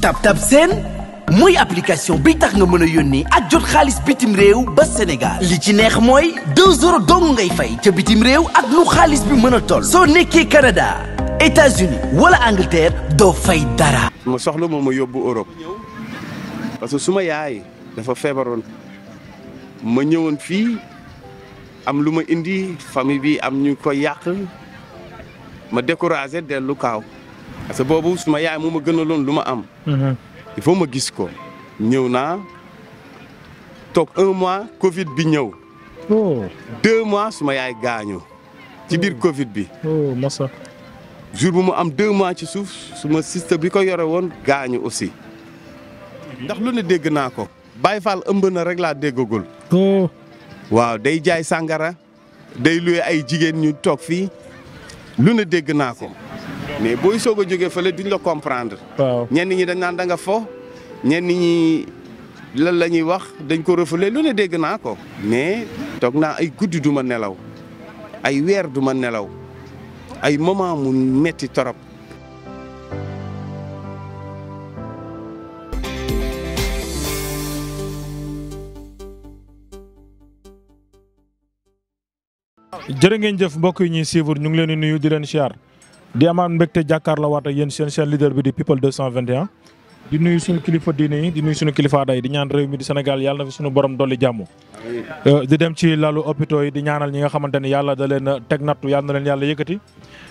tab tab Seen mooy application bi tax nga mën a yónnee ak jot xaalis bitim réew ba Sénégal li ci neex mooy doo euros dong ngay fay ca bitim réew ak lu xaalis bi mën a toll. soo nekkee Canada États-Unis wala Angleterre doo fay dara. ma soxla moom ma yóbbu Europe parce que suma yaay dafa feebaroon ma ñëwoon fii am lu ma indi famille bi am ñu ko yàq ma découragé dellu kaaw. parce que boobu ma yaay moo ma gënaloon lu ma am. Mhm. il faut ma gis ko. ñëw naa toog un mois Covid bi ñëw. Oh. deux mois suma yaay gaañu. ci biir oh. Covid bi. Oh, masa jour bu mu am deux mois ci suuf suma sista bi ko yore woon gaañu aussi. ndax lu ne dégg naa ko. bay Fall ëmb na rek laa déggagul. waaw day jaay sangara day luwe ay jigéen ñu toog fii lu ne dégg naa ko. mais booy soog a jógee fële duñu la comprendre. waaw ñenn ñi dañ naan da nga fo. ñenn ñi lan la ñuy wax dañ ko refoulé lu ne dégg naa ko. mais toog naa ay guddi du ma nelaw ay weer du nelaw ay moment mu metti torop. jërë ngeen jëf mbokk yi ñuy suivre ñu ngi leen di nuyu di leen siyaar di amaat mbégte jàkkaarloo waat ak yéen seen seen leader bi di people 221. di nuyu suñu kilifa diine yi di kilifa aada yi di ñaan réew mi di Sénégal yàlla na fi suñu borom dolli jàmm. Euh, di dem ci lalu hôpitaux yi di ñaanal ñi nga xamante ni yàlla da leen teg nattu yàlla na leen yàlla yëkkati.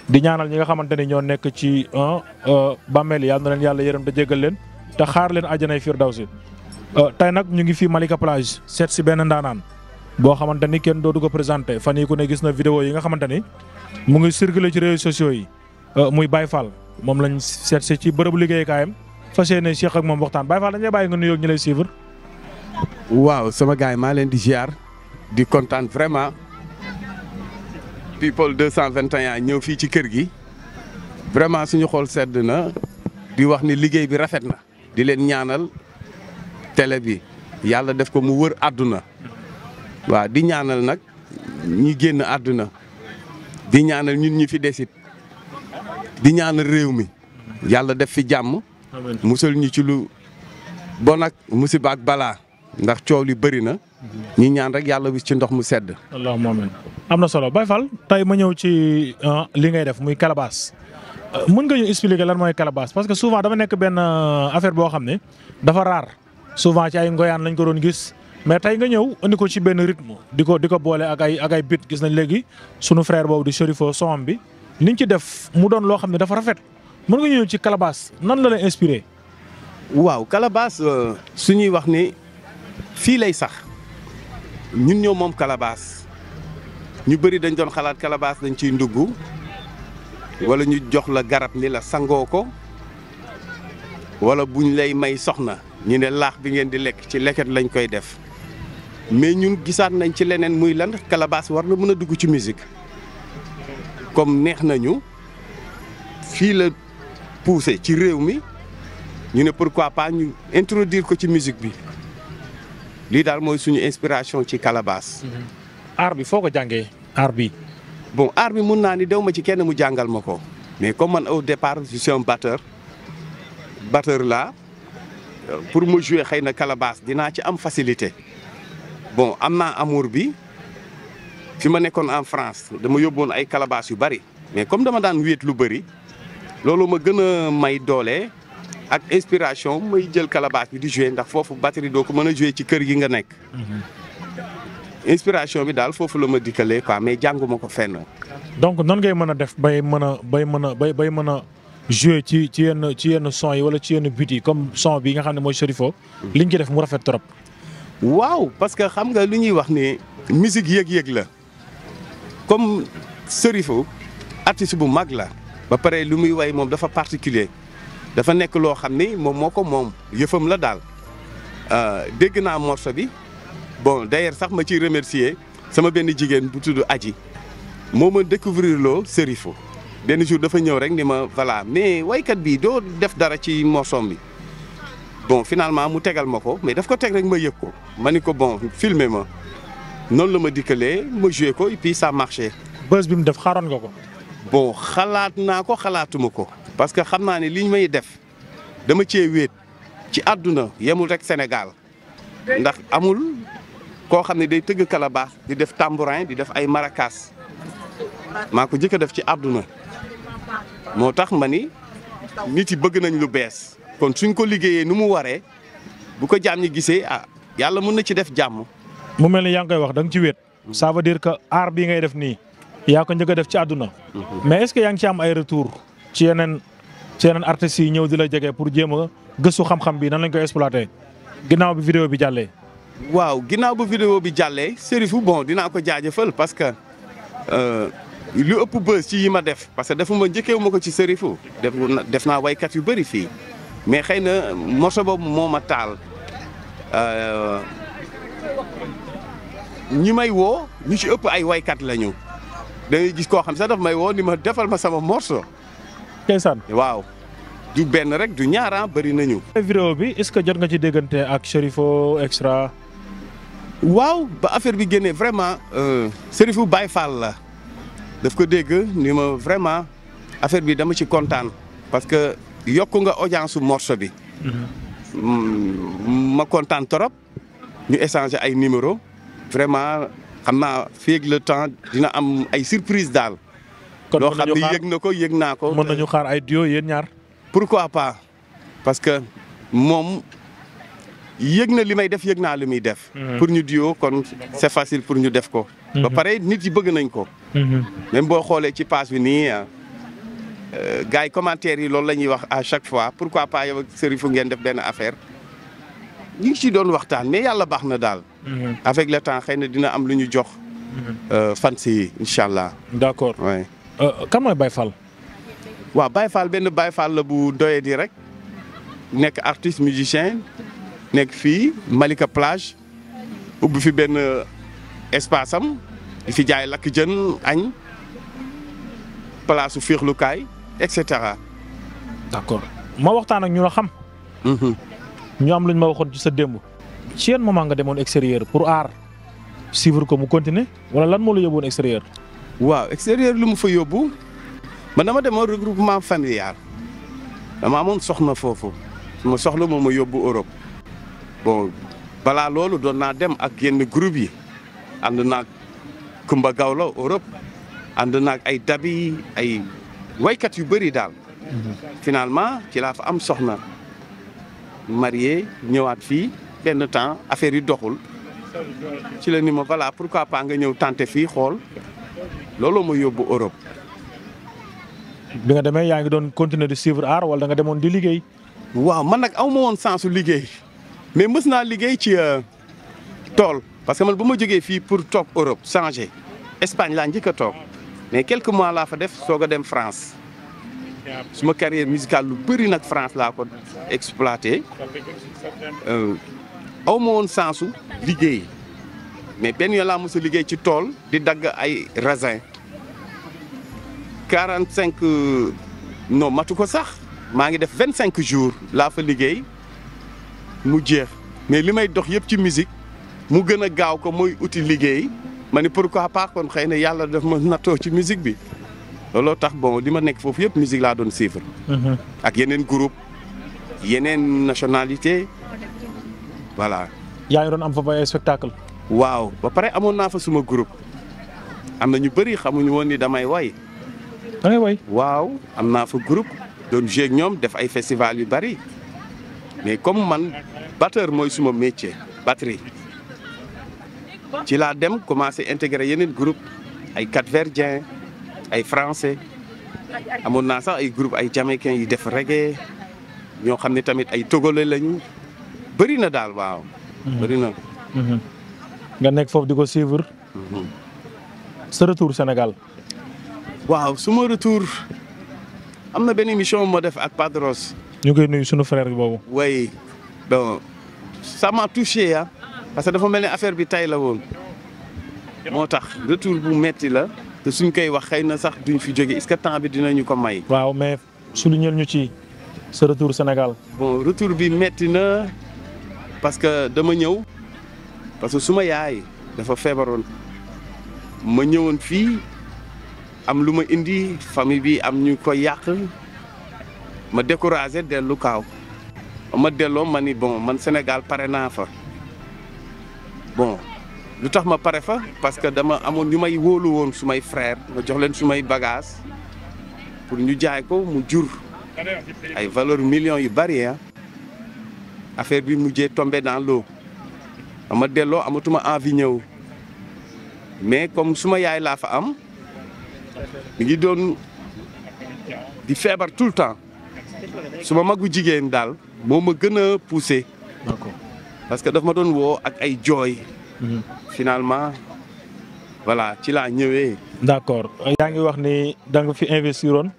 di ñaanal ñi nga xamante ni ñoo nekk ci euh, bàmmeel yàlla na leen yàlla yërëm da jégal leen te xaar leen àjjanay firdawsi. Euh, tey nag ñu ngi fii Malika Plage seet si benn ndaanaan boo xamante ni kenn dootu ko présenté fan yi ne gis na vidéo yi nga xamante ni mu ngi circulé ci réseaux sociaux yi Euh, muy Baye Fall moom lañu seet si ci bërëbu liggéeyukaayam fas yéene Cheikh ak moom waxtaan Baye Fall dañ lay bàyyi nga nuyoog ñu lay suivre. waaw sama gars yi maa leen di ziar di kontaan vraiment people 221 ñëw fii ci kër gi vraiment suñu xool sedd na di wax ni liggéey bi rafet na di leen ñaanal télé bi yàlla def ko mu wër àdduna waaw di ñaanal nag ñi génn àdduna di ñaanal ñun ñi fi desit di ñaan réew mi yàlla def fi jàmm musal ñu ci lu bon ak musiba ak balaa ndax coow li bëri na mm-hmm. ñi ñaan rek yàlla wis ci ndox mu sedd allahumma amin am na solo Baye Fall tey ma ñëw ci ah, li ngay def muy calebasse euh, mën nga ñu expliquer lan mooy calebasse parce que souvent dama nekk benn euh, affaire boo xam ne dafa raar souvent ci ay ngoyaan lañ ko doon gis mais tey nga ñëw indi ko ci benn rythme di ko di ko boole ak ay ak ay bit gis nañ léegi sunu frère boobu di Chérifo son bi niñ ci def mu doon loo xam ne dafa rafet mën nga ñëw ci Calebasse nan la la inspiré. waaw Calebasse euh, suñuy wax ni fii lay sax ñun ñoo moom Calebasse ñu bëri dañ doon xalaat Calebasse dañ ciy ndugg wala ñu jox la garab ni la sangoo ko wala buñ lay may soxna ñu ne laax bi ngeen di lekk ci leket lañ koy def mais ñun gisaat nañ ci leneen muy lan Calebasse war na mën a dugg ci musique. comme neex nañu fii la poussé ci réew mi ñu ne pourquoi pas ñu introduire ko ci musique bi lii daal mooy suñu inspiration ci Calebasse. Mm-hmm. art bi foo ko jàngee art bi. bon art bi mun naa ni dew ma ci kenn mu jàngal ma ko. mais comme man aw départ je suis un batteur batteur là euh, pour mu jouer xëy na Calebasse dinaa ci am facilité bon am naa amour bi. fi ma nekkoon en France dama yóbboon ay calebasse yu bari mais comme dama daan wéet lu bari loolu ma gën a may doole ak inspiration may jël calebasse bi di jouer ndax foofu batterie doo ko mën a jouer ci kër gi nga nekk. Mhm. inspiration bi daal foofu la ma dikkalee quoi mais jànguma ko fenn. donc nan ngay mën a def bay mën a bay mën a bay bay mën a jouer ci ci yenn ci yenn son yi wala ci yenn but yi comme son bi nga xam ne mooy Cherifo. Mhm. liñ ci def mu rafet trop. waaw parce que xam nga li ñuy wax ni musique yëg-yëg la. comme Serifo artiste bu mag la ba pare lu muy way moom dafa particulier dafa nekk loo xam ni moom moo ko moom yëfam la daal euh, dégg naa morceau bi bon d'ailleurs sax ma ciy remercier sama benn jigéen bu tudd Aji moom ma découvrir loo Serifo benn jour dafa ñëw rek ni ma voilà mais waykat bi doo def dara ci morceau bi bon finalement mu tegal ma ko mais daf ko teg rek ma yëg ko ma ni ko bon filmer ma noonu la ma dikkalee ma joué ko et sa ça marché. bës bi mu def xaaroon nga ko. bon xalaat naa ko xalaatuma ko. parce que xam naa ne li ñu may def dama ci wéet ci àdduna yemul rek senegal ndax amul koo xam ne day tëgg kalabaas di def tambourin di def ay maracas maa ko jëkk a def ci àdduna moo tax ma ni nit yi bëgg nañ lu bees. kon suñ ko liggéeyee nu mu waree bu ko jaam ñi gisee ah yàlla mën na ci def jàmm. mu mel ni yaa ngi koy wax da nga ci wéet ça veut dire que art bi ngay def nii yaa ko njëkk def ci àdduna mais est-ce que yaa ngi ci am ay retour ci yeneen ci yeneen artistes yi ñëw di la jege pour jéem a gëstu xam-xam bi nan lañ koy exploité ginnaaw bi vidéo bi jàllee waaw ginnaaw bu vidéo bi jàllee Serifou bon dinaa ko jaajëfal parce que euh, lu ëpp bës ci yi ma def parce que defuma njëkkeewu ma ko ci Serifou def def naa waykat yu bëri fii mais xëy na moso boobu moo ma taal euh, ñi may woo ñu ci ëpp ay waykat lañu dañuy gis koo xam sax daf may woo ni ma defal ma sama morceau. ndeysaan waaw. ju benn rek du ñaara ah, bëri nañu. vidéo bi est-ce que jot nga ci déggante ak Cherifo Extra. waaw ba affaire bi génnee vraiment euh, Cherifou Baye Fall la daf ko dégg ni ma vraiment affaire bi dama ci kontaan parce que yokk nga audience su morceau bi. Mhm. Mm, ma kontaan trop ñu échanger ay numéro vraiment xam naa féeg le temps dina am ay surprise daal. kon loo xam ne yëg na ko yëg naa ko. mën nañu xaar ay duo yéen ñaar. pourquoi pas parce que moom yëg na li may def yëg naa li muy def. Mhm. pour ñu duo kon c'est facile pour ñu def ko. ba mhm. pare nit yi bëgg nañ ko. Mhm. même boo xoolee ci paas bi nii ah, euh, gars yi commentaires yi loolu la ñuy wax a chaque fois pourquoi pas yow ak Serigne fu ngeen def benn affaire ñu ngi ci doon waxtaan mais yàlla baax na daal. Mhm. avec le temps xëy na dina am lu ñu jox. Mhm. Euh, fans yi incha allah. d' accord euh, kan mooy Baye Fall. waaw Baye Fall benn Baye Fall la bu doyee di rek nekk artiste musicien nekk fii Malika plage ubbi fi benn euh, espace am di fi jaay lakk jën añ place su fiixlukaay et cetera. accord ma waxtaan ak ñu la xam. Mhm. ñu am lu ñu ma waxoon ci sa démb. ci yan moment nga demoon extérieur pour aar suivre ko mu continuer wala lan moo la yóbbuwoon extérieur. waaw extérieur lu mu fa yóbbu na ma demoon regroupement familial dama amoon soxna foofu ma soxla moom ma yóbbu Europe bon balaa loolu doon naa dem ak yenn groupe yi ànd naag Kumba Gawlo Europe ànd naag ay dabi ay waykat yu bëri daal. Mhm. finalement ci laa fa am soxna marié ñëwaat fii. benn temps affaire yi doxul ci la ni ma voilà pourquoi pas nga ñëw tenter fii xool looloo ma yóbbu Europe. bi nga demee yaa ngi doon continuer di suivre art wala danga demoon di liggéey. waaw man nag aw ma woon sensu liggéey mais mës naa liggéey ci euh, tool parce que man bu ma jógee fii pour toog Europe changer Espagne laa njëkk a toog mais quelque mois laa fa def soog a dem France. suma carrière musicale lu bëri nag France laa ko exploité. Euh, aw ma woon sansu liggéey mais benn yoon laa mos liggéey ci tool di dagg ay rasin quarante cinq non matu ko sax maa ngi def vingt cinq jours laa fa liggéey mu jeex mais li may dox yëpp ci musique mu gën a gaaw ko mooy uti liggéey ma ne pourquoi pas kon xëy na yàlla daf ma nattoo ci musique bi looloo tax bon li ma nekk foofu yëpp musique laa doon suivre. Mhm. ak yeneen groupe yeneen nationalité voilà. yaa ngi doon am fa waaw ba pare amoon naa fa suma groupe am na ñu bëri xamuñu woon ni damay way. damay way waaw am naa fa groupe doon jouer ñoom def ay festival yu bëri mais comme man batteur mooy suma métier batterie ci laa dem commencé intégrer yeneen groupe ay capverdien ay français amoon naa sax ay groupe ay jamaïcain yi def reggae ñoo xam ne tamit ay togolais lañu. bëri na daal waaw. Mhm. bëri na. Mhm. nga nekk foofu di ko suivre. Mhm. sa retour Sénégal. waaw suma retour am na benn mission moo def ak Padros. ñu koy nuyu sunu frère boobu. way bon ça parce que dafa mel ni affaire bi tay la woon moo tax retour bu metti la te suñ koy wax xëy na sax duñ fi jóge est-ce que temps bi dinañu ko may. waaw mais souligner ñu ci sa retour Sénégal. bon retour bi metti na. parce que dama ñëw parce que suma yaay dafa feebaroon ma ñëwoon fii am lu ma indi famille bi am ñu ko yàq ma découragé dellu kaaw ma delloo ma ni bon man Sénégal pare naa fa bon lu tax ma pare fa parce que dama amoon ñu may wóolu woon sumay frère ma jox leen sumay bagage pour ñu jaay ko mu jur ay valeur millions yu bari affaire bi mujjee tombee dans l'eau ama delloo amatuma envi ñëw mais comme suma yaay laa fa am mi ngi doon di feebar tout le temps suma magu jigéen daal moo ma gën a poussé parce que daf ma doon woo ak ay jooy mhm. finalement voilà ci laa ñëwee d'accord yaa ngi wax ni da nga fi investiroon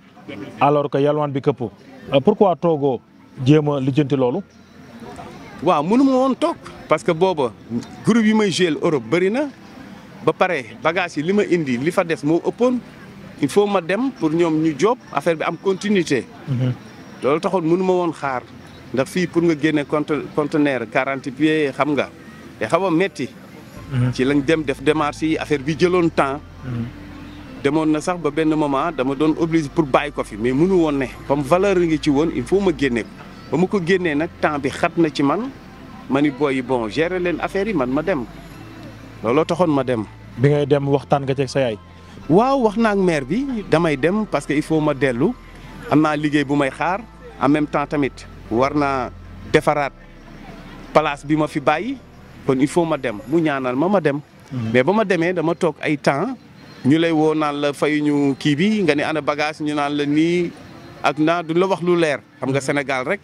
alors que yalwaan bi këpp euh, pourquoi toogoo jéema a lijjanti loolu waaw mënu woon toog parce que booba groupe yi may joué Europe bëri na ba pare bagage yi li ma indi li fa des moo ëppoon il faut ma dem pour ñoom ñu job affaire bi am continuité. Mhm. loolu taxoon mënu ma woon xaar ndax fii pour nga génne conte conteneur quarante pieds xam nga te xaw metti mhm. ci lañ dem def démarche yi affaire bi jëloon temps. Mhm. demoon na sax ba benn moment dama doon obligé pour bàyyi ko fi mais mënu woon ne comme valeur ngi ci woon il faut ma génne ba ma ko génnee nag temps bi xat na ci man ma ni booy yi bon gérer leen affaire yi man ma dem looloo taxoon ma dem. bi ngay dem waxtaan nga ceeg sa yaay. waaw wax naa ak maire bi damay dem parce que il faut ma dellu am naa liggéey bu may xaar en même temps tamit war naa defaraat place bi ma fi bàyyi kon il faut ma dem mu ñaanal ma ma dem. Hmm. mais ba ma demee dama toog ay temps ñu lay woo naan la fayuñu kii bi nga ne ana bagage ñu naan la nii ak naa du la wax lu leer xam nga hmm. Sénégal rek.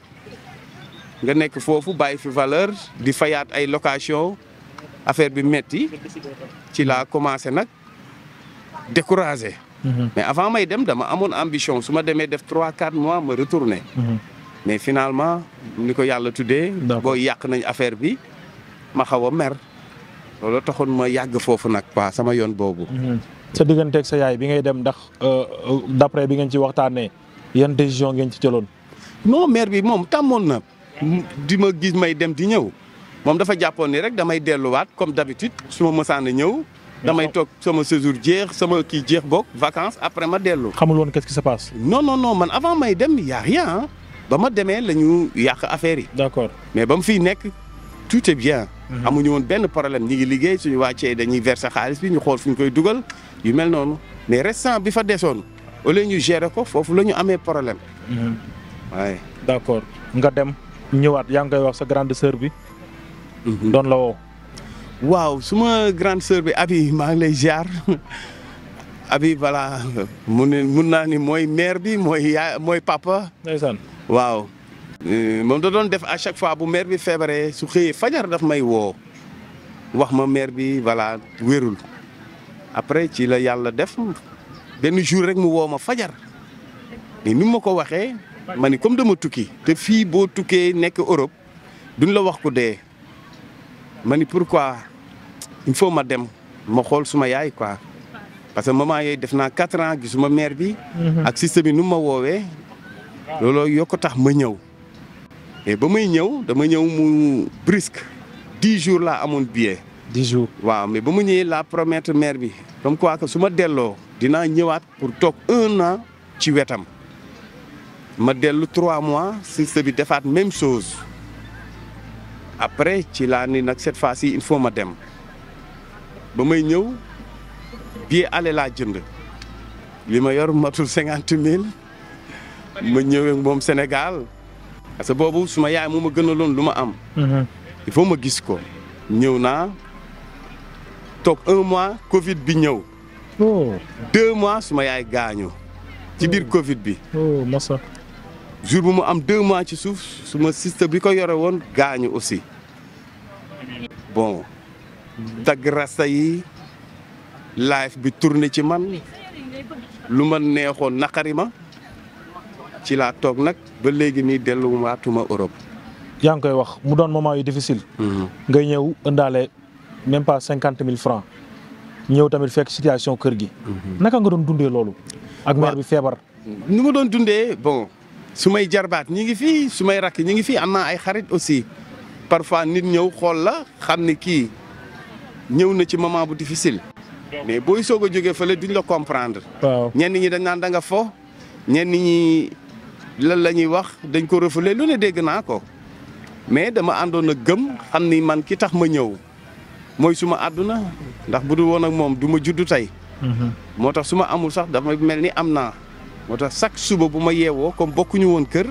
nga nekk foofu bàyyi fi valeur di fayaat ay location affaire bi metti ci laa commencé nag découragé. Mhm. mais avant may dem dama amoon ambition su ma demee def trois quatre mois ma retourné. Mhm. mais finalement ni ko yàlla tuddee. boo yàq nañ affaire bi ma xaw a mer. loolu taxoon ma yàgg foofu nag waa sama yoon boobu. Mhm. sa digganteeg sa yaay bi ngay dem ndax euh, euh, d'après bi ngeen ci waxtaanee yan décision ngeen ci jëloon. non maire bi moom tàmmoon na di ma gis may dem di ñëw moom dafa jàppoon ni rek damay delluwaat comme d'habitude su ma mësaan ñëw. damay toog sama séjour jeex sama kii jeex boog vacances après ma dellu. xamul woon qu'est-ce qui se passe. non non man avant may dem y a ba ma demee la ñu yàq affaire yi. d'accord mais ba mu fiy nekk tout est bien. Mhm. amuñu woon benn problème ñi ngi liggéey suñu wàccee dañuy verser xaalis bi ñu xool fu ñu koy dugal yu mel noonu mais restant bi fa desoon au ñu gérer ko foofu la ñu amee problème. waaye mhm. nga dem. ñëwaat yaa ngi koy wax sa grande sœur bi. Mhm. doon la woo. waaw suma grande sœur bi abi maa ngi lay ziar abi voilà mu mun naa ni mooy mère bi mooy yaa mooy papa. ndeysaan waaw. Euh, moom da doon def à chaque fois bu mère bi feebaree su xëyee fajar daf may woo wax ma mère bi voilà wérul après ci la yàlla def benn jour rek mu woo ma fajar ni mu ko waxee. ma ni comme dama tukki te fii boo tukkee nekk Europe duñ la wax ko dee ma ni pourquoi il faut ma dem ma xool suma yaay quoi parce que moment yooyu def naa quatre ans gisuma mère bi. Mhm. ak système bi nu ma woowee. looloo yokk tax ma ñëw. et ba may ñëw dama ñëw mu brusque dix jour laa amoon billet. dix jours waaw mais ba ma ñëwee la promettre mère bi comme quoi que su ma delloo dinaa ñëwaat pour toog un an ci wetam. ma dellu trois mois siste bi defaat même chose après ci laa ni nag cette fois ci il faut ma dem ba may ñëw bii aller laa jënd li ma yor matul cinquante mille ma ñëwee moom senegal parce que boobu suma yaay moo ma gënaloon lu ma am. Mhm. il faut ma gis ko. ñëw naa toog un mois Covid bi ñëw. Oh. deux mois suma yaay gaañu. ci biir oh. Covid bi. Oh, jour bu mu am deux mois ci suuf suma sista bi ko yore woon gaañu aussi bon dagg rasta yi life bi tourné ci man lu ma neexoon naqari ma ci laa toog nag ba léegi nii delluwaatuma Europe. yaa ngi koy wax mu doon moment yu difficile. Mhm. ngay ñëw ëndaale même pas cinquante mille francs ñëw tamit fekk situation kër gi. Mhm. naka nga doon dundee loolu. ak mère bi feebar. ni ma doon dundee bon. su may jarbaat ñi ngi fii su may rakk ñi ngi fii am naa ay xarit aussi parfois nit ñëw xool la xam ni kii ñëw na ci moment bu difficile mais booy soog a jógee fële duñ la comprendre waaw ñenn ñi dañ naan da nga fo ñenn ñi lan la ñuy wax dañ ko refoulé lu ne dégg naa ko mais dama àndoon a gëm xam ni man ki tax ma ñëw mooy suma àdduna ndax bu dul woon ak moom du ma juddu tey mhm. moo tax su ma amul sax dafa mel ni am naa moo tax chaque suba bu ma yeewoo comme bokkuñu woon kër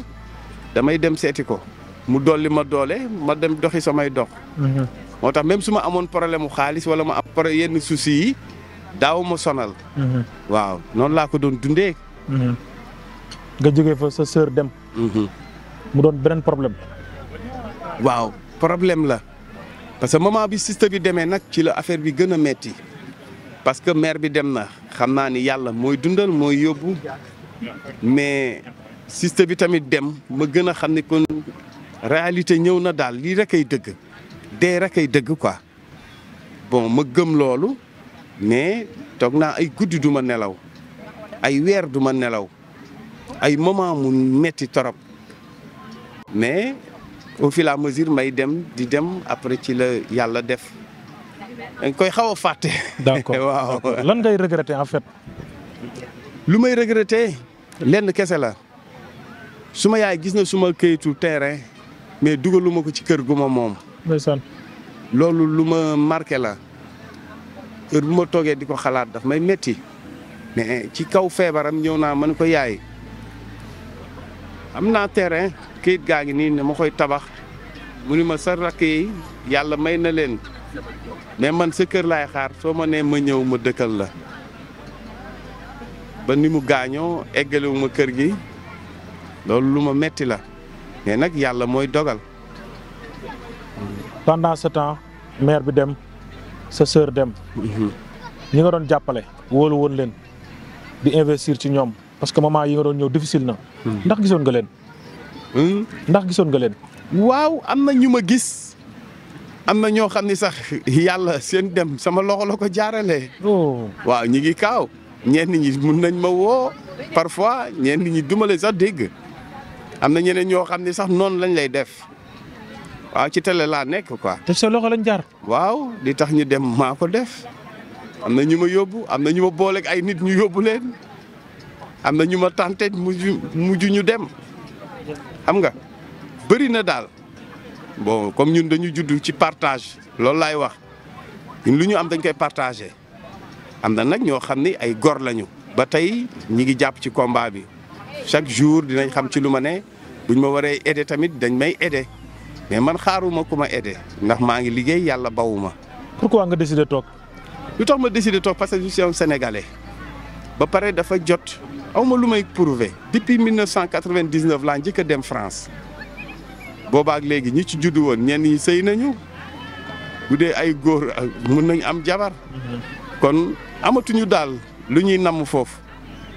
damay dem seeti ko mu dolli ma doole ma dem doxi samay dox. Mhm. moo tax même su ma amoon problème mu xaalis wala ma am yenn souci yi daaw ma sonal. Mhm. waaw noonu laa ko doon dundee. Mhm. nga jógee fa sa dem. mu doon beneen problème. waaw problème la parce que moment bi sista bi demee nag ci la affaire bi gën a metti parce que mère bi dem na xam naa ni yàlla mooy dundal mooy yóbbu mais système bi tamit dem ma gën a xam ne kon réalité ñëw na daal lii rek ay dëgg dee rek ay dëgg quoi bon ma gëm loolu mais toog naa ay guddi du ma nelaw ay weer du ma nelaw ay moment mu metti torop mais au fil à may dem di dem après ci la yàlla def dañ koy xaw a fàtte. d'accord waaw lan ngay regretter en fait. lu may regretter. lenn kese la suma yaay gis na suma këyitu terrain mais dugaluma ko ci kër gu ma moom. ndeysaan loolu lu ma marqué la heure bu ma toogee di ko xalaat daf may metti mais ci kaw feebaram ñëw naa man ko yaay am naa terrain këyit gaa ngi nii ne ma koy tabax mu ni ma sa rakk yi yàlla may na leen mais man sa kër laay xaar soo ma nee ma ñëw ma dëkkal la. ba ni mu gaañoo eggalewu ma kër gi loolu lu ma metti la mais nag yàlla mooy dogal. pendant ce temps mère bi dem sa sœur dem. Mhm. ñi nga doon jàppale wóolu woon leen di investir ci ñoom parce que moment maa nga doon ñëw difficile na. Mhm. ndax gisoon nga leen. Hmm? ndax gisoon nga leen. waaw am na ñu ma gis am na ñoo xam ni sax yàlla seen dem sama loxo la ko jaaralee. Oh. waaw ñi ngi kaaw. ñenn ñi mun nañ ma woo parfois ñeen ñi duma leen sax dégg am na ñeneen ñoo xam ne sax noonu lañ lay def waaw ci tele laa nekk quoi. te loxo lañ jaar. waaw li tax ñu dem maa ko def am na ñu ma yóbbu am na ñu ma booleeg ay nit ñu yóbbu leen am na ñu ma tànte mujj mujj ñu dem xam nga bëri na daal bon comme ñun dañu judd ci partage loolu laay wax ñun lu ñu am dañ koy partagé. am na nag ñoo xam ni ay gor lañu ba tey ñi ngi jàpp ci combat bi chaque jour dinañ xam ci lu ma ne buñ ma waree aider tamit dañ may aider mais man xaaruma ku ma aider ndax maa ngi liggéey yàlla bawu ma. pourquoi nga décider toog. lu tax ma décider toog parce que je suis un ba pare dafa jot aw ma lu may prouver depuis 1999 laa njëkk a dem France boobaak léegi ñi ci juddu woon ñenn ñi sëy nañu bu dee ay góor mun nañ am jabar mhm. kon. amatuñu daal lu ñuy namm foofu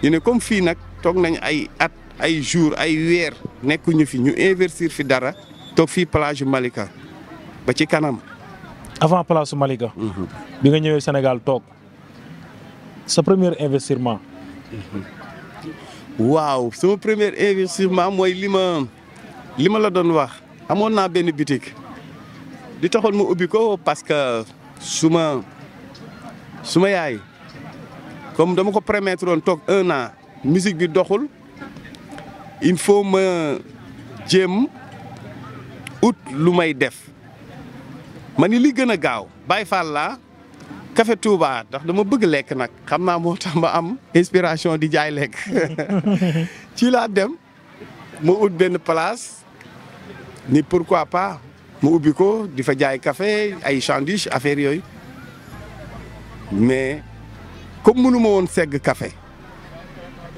ñu ne comme fii nag toog nañu ay at ay jour ay weer nekkuñu fi ñu investir fi dara toog fii plage Malika ba ci kanam. avant plage Malika. Mhm. bi nga ñëwee Sénégal toog sa premier investissement. waaw suma premier investissement mooy li ma li ma la doon wax amoon naa benn boutique di taxoon ma ubbi ko parce que suma suma yaay. comme dama ko promettre woon toog un naa musique bi doxul il faut ma jéem ut lu may def ma ni li gën a gaaw Baye Fall laa café ndax dama bëgg lekk nag xam naa moo tax ma am inspiration di jaay lekk ci laa dem ma ut benn place ni pourquoi pa mu ubbi ko di fa jaay kafe ay sandwich affaire yooyu mais comme mënuma woon segg kafe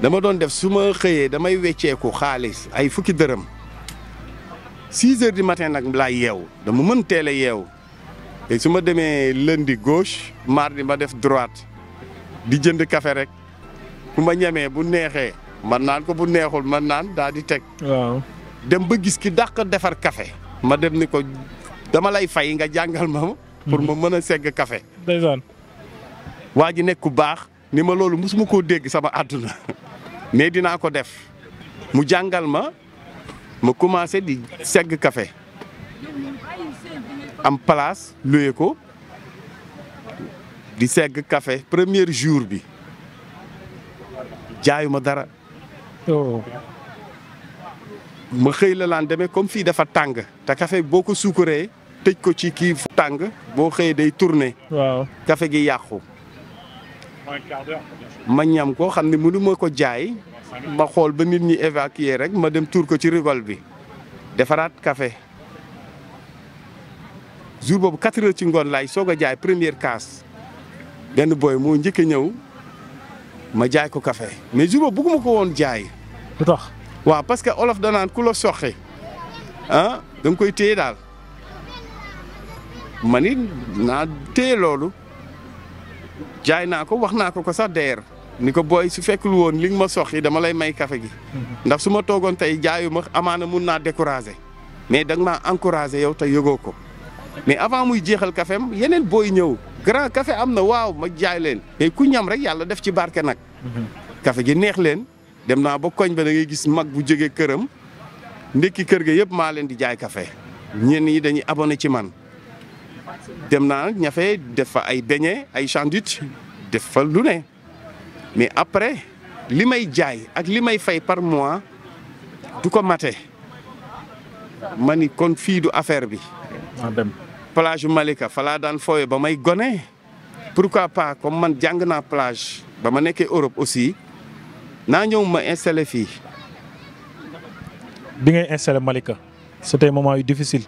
dama doon def su ma xëyee damay wecceeku xaalis ay fukki dërëm 6 heures du matin nag laa yeew dama mën teel a yeew te su ma demee lundi gauche mardi ma def droite di jënd kafe rek ku ma ñamee bu neexee man naan ko bu neexul man naan daal di teg. waaw dem ba gis ki daq defar kafe ma dem ni ko dama lay fay nga jàngal ma. pour ma mën a segg kafe waa ji nekk ku baax ni ma loolu mosuma koo dégg sama àdduna mais dinaa ko def mu jàngal ma ma commencé di segg kafe am place luye ko di segg kafe première jour bi jaayuma dara oh. ma xëy la laan demee comme fii dafa tàng te kafe boo ko suukaree tëj ko ci kii fu tàng boo xëyee day tourner waaw café gi yàqu ma ñam ko xam ne mënu ma ko jaay ma xool ba nit ñi évacuer rek ma dem tuur ko ci rigole bi defaraat kafe jour boobu quatre ci ngoon laay soog a jaay première casse benn booy moo njëkk ñëw ma jaay ko kafe mais jour boobu bëgguma ko woon jaay. lu tax waaw parce que olof danaan ku la soxee ah da koy téye daal ma it naa téye loolu. jaay naa ko wax naa ko ko sa deer ni ko booy su fekkul woon li nga ma soxli dama lay may kafe gi mhm. ndax su ma toogoon tey jaayu ma amaana mun naa découragé mais da nga maa yow tey yëgoo ko mais avant muy jeexal café yeneen booy ñëw grand kafe am na waaw ma jaay leen mais ku ñam rek yàlla def ci barke nag kafe mhm. gi neex leen dem naa ba koñ ba da ngay gis mag bu jógee këram ndekki kër ga yëpp maa leen di jaay kafe ñenn ñi dañuy abone ci man dem naa nag ñafe def fa ay beñe ay sandwich def fa lu ne mais après li may jaay ak li may fay par mois du ko mate ma ni kon fii du affaire bi. plage Malika fa laa daan fooye ba may gone. pourquoi pas comme man jàng naa plage ba ma nekkee Europe aussi naa ñëw ma installé fii. bi ngay installé Malika c'était moment yu difficile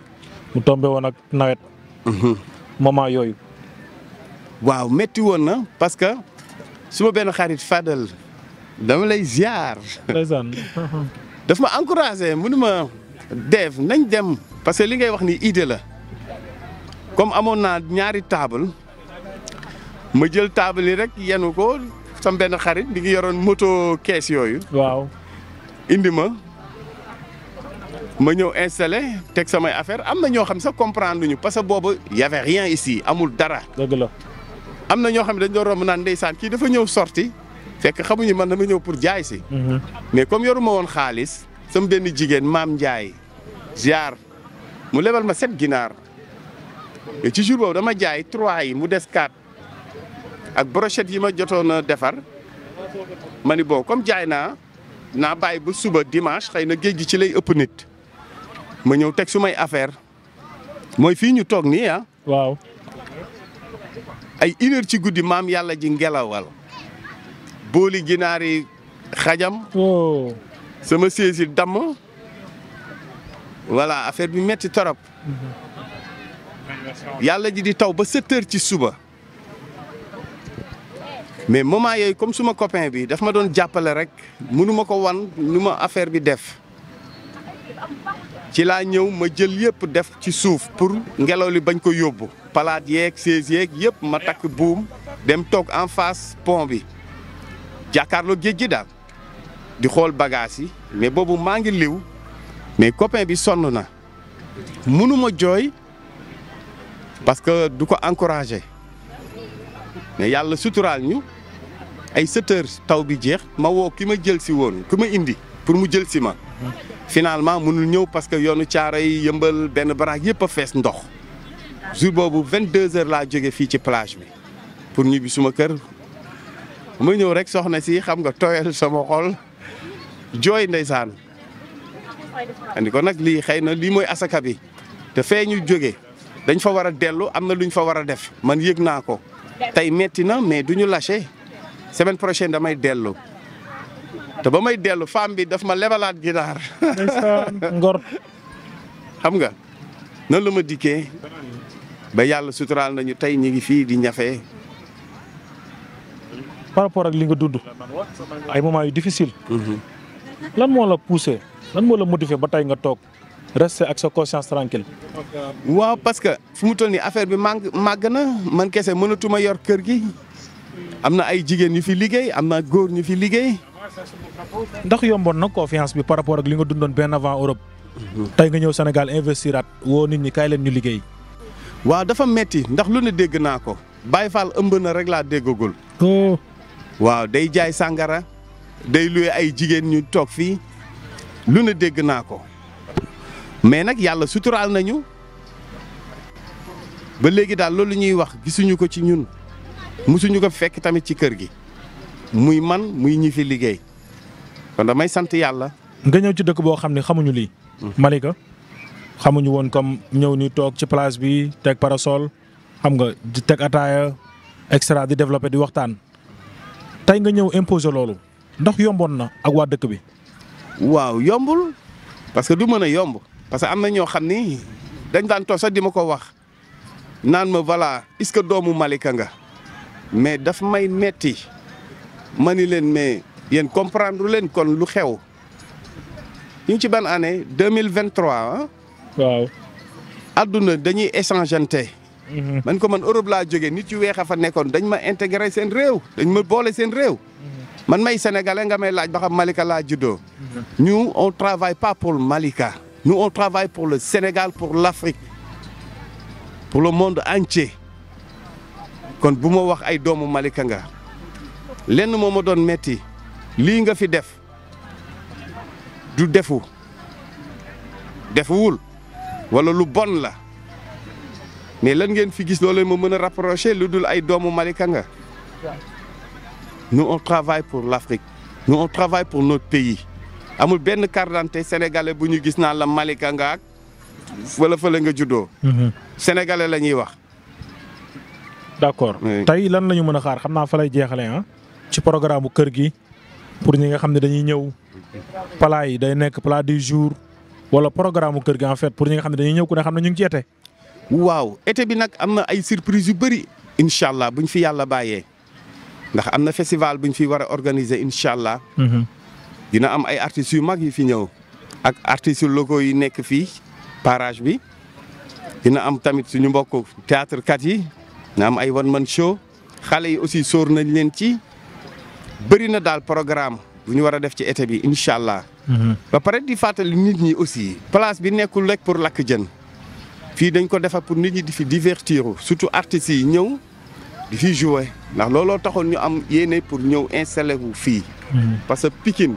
mu tombé woon ak nawet. Mhm. moment yooyu. waaw métti woon na parce que suma benn xarit Fadel dama lay ziar. dafa daf ma encouragé mënu ma def nañ dem parce que li ngay wax ni idée la comme amoon naa ñaari taable ma jël table yi rek yenu ko sam benn xarit di ngi yoroon moto kees yooyu. waaw indi ma. ma ñëw installé teg samay affaire am na ñoo xam sax comprendre ñu parce que boobu y avait rien ici amul dara. dëgg la am na ñoo xam ne dañ doon romb naan ndeysaan kii dafa ñëw sorti fekk xamuñu man dama ñëw pour jaay si. Mhm. mais comme yoruma woon xaalis sama benn jigéen maam Ndiaye ziar mu lebal ma set ginaar mais ci jour boobu dama jaay trois yi mu des quatre ak brochette yi ma jotoon a defar ma ni bon comme jaay naa naa bàyyi ba suba dimanche xëy na géej gi ci lay ëpp nit. ma ñëw teg sumay affaire mooy fii ñu toog nii ah. waaw. ay une ci guddi maam yàlla ji ngelawal booli ginaar yi xajam. Oh. sama siège damm. voilà affaire bi metti torop mhm. yàlla ji di taw ba sept ci suba. mais moment yooyu comme suma copain bi daf ma doon jàppale rek mënu ko wan nu ma affaire bi def. ci laa ñëw ma jël yëpp def ci suuf pour ngelaw li bañ ko yóbbu palaat yeeg sees yeeg yëpp ma takk buum dem toog en face pont bi jàkkaarloo géej gi daal di xool bagages yi mais boobu maa ngi liw mais copain bi sonn na mënuma jooy parce que du ko encouragé mais yàlla suturaal ñu ay sept taw bi jeex ma woo ki ma jël si woon ki ma indi pour mu jël si ma finalement mënul ñëw parce que yoonu caara yi yëmbal benn baraak yëpp a fees ndox jour boobu 22 heures laa jóge fii ci plage bi pour ñibbi suma kër ma ñëw rek soxna si xam nga tooyal sama xol jooy ndeysaan andi ko nag lii xëy na lii mooy asaka bi te fee ñu jóge dañ fa war a dellu am na lu ñu fa war a def man yëg naa ko tey metti na mais du ñu lâché semaine prochaine damay dellu te ba may dellu femme bi daf ma lebalaat ginaar. ngor. xam nga nan la ma dikkee ba yàlla suturaal nañu tey ñu ngi fii di ñafe. par rapport ak li nga dund ay moments yu difficile. Mhm. lan moo la poussé lan moo la motivé ba tey nga toog rester ak sa conscience tranquille waaw parce que fu mu toll nii affaire bi màgg màgg na man kese mënatuma yor kër gi am na ay jigéen ñu fi liggéey am na góor ñu fi liggéey. ndax yomboon na confiance bi par rapport ak li nga dundoon benn avant Europe. Mhm. tey nga ñëw Sénégal investiraat woo nit ñi kaay leen ñu liggéey. waaw dafa metti ndax lu ne dégg naa ko Baye fal ëmb na rek laa déggagul. Oh. waaw day jaay sàngara day luwe ay jigéen ñu toog fii lu ne dégg naa ko mais nag yàlla suturaal nañu ba léegi daal loolu ñuy wax gisuñu ko ci ñun musuñu ko fekk tamit ci kër gi. muy man muy ñi fi liggéey kon may sant yàlla. nga ñëw ci dëkk boo xam ne xamuñu lii. Mm-hmm. Malika xamuñu woon comme ñëw ni toog ci place bi teg parasol xam nga di teg ataaya extra di développé di waxtaan tey nga ñëw imposer loolu ndox yomboon na ak waa dëkk bi. waaw yombul parce que du mën a yomb parce que am na ñoo xam ni dañ daan toog sax di ma ko wax naan ma voilà est-ce que doomu Malika nga mais daf may metti ma ni leen mais yéen comprendre leen kon lu xew ñu ci ban année deux mille vingt trois ah? adduna dañuy échangeante. Mhm. man ko man Europe laa jógee nit yu weex a fa nekkoon dañ ma intégré seen réew dañ ma boole seen réew. Mhm. man may sénégalais nga may laaj ba xam Malika laa juddoo. ñu mhm. on travaille pas pour Malika. nous on travaille pour le Sénégal pour l'Afrique pour le monde entier kon bu ma wax ay doomu Malika nga. lenn moo ma doon metti lii nga fi def du defu defuwul walla lu bon la mais lan ngeen fi gis loole ma mën a rapprocher lu dul ay doomu Malika nga nous on travaille pour l'Afrique nous on travaille pour notre pays amul benn carte d'identité sénégalais bu ñu gis naa la Malika nga ak wala nga juddoo. Mhm. sénégalais la ñuy wax. d'accord tey lan la ñu mën a xaar xam naa fa lay jeexalee ah. ci programme bu kër gi pour ñi nga xam ne dañuy ñëw plat yi day nekk plat du jour wala programme bu kër gi en fait pour ñi nga xam ne dañuy ñëw ku ne xam ne ñu ngi ci waaw été bi nag am na ay surprise yu bëri incha allah buñ fi yàlla bàyyee ndax am na festival buñ fi war a organiser incha allah. Mhm. dina am ay artistes yu mag yu fi ñëw ak artistes locaux yi nekk fii parage bi dina am tamit suñu mbokk théâtre kat yi na am ay one man show xale yi aussi sóor nañ leen ci. bëri na daal programme bu ñu war a def ci été bi incha allah. Mhm. ba di fàttali nit ñi aussi. place bi nekkul rek pour lakk jën fii dañ ko defar pour nit ñi di fi divertir surtout artistes yi ñëw di fi ndax looloo taxoon ñu am yéene pour ñëw installé wu fii. Mhm. parce que Pikine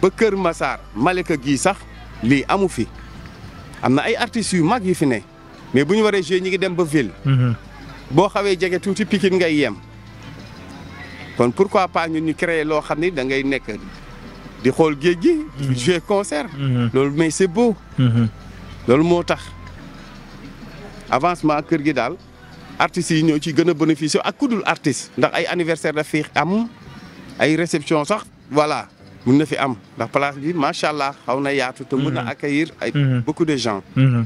ba Kër Massar Malika gi sax lii amu fi am na ay artistes yu mag yu fi ne mais bu ñu waree jouer ñi ngi dem ba ville. Mhm. boo xawee jege tuuti Pikine ngay yem. kon pourquoi pas ñun ñu créer loo xam ni da ngay nekk di xool géej gi. Mhm. jouer concert. Mhm. loolu mais c'est beau. Mhm. loolu moo tax avancement kër gi daal artistes yi ñoo ci gën a bénéficier ak ku dul ndax ay anniversaire daf fii am ay réception sax voilà mun na fi am ndax place bi macha allah xaw na yaatu. te mun na accueillir ay. beaucoup de gens. Hmm.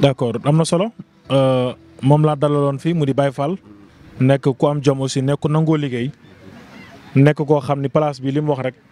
d'accord am na solo euh, moom laa dalaloon fii mu di Baye Fall. nekk ku am jom si nekku nangoo liggéey nekk koo xam ni place bi li mu wax rek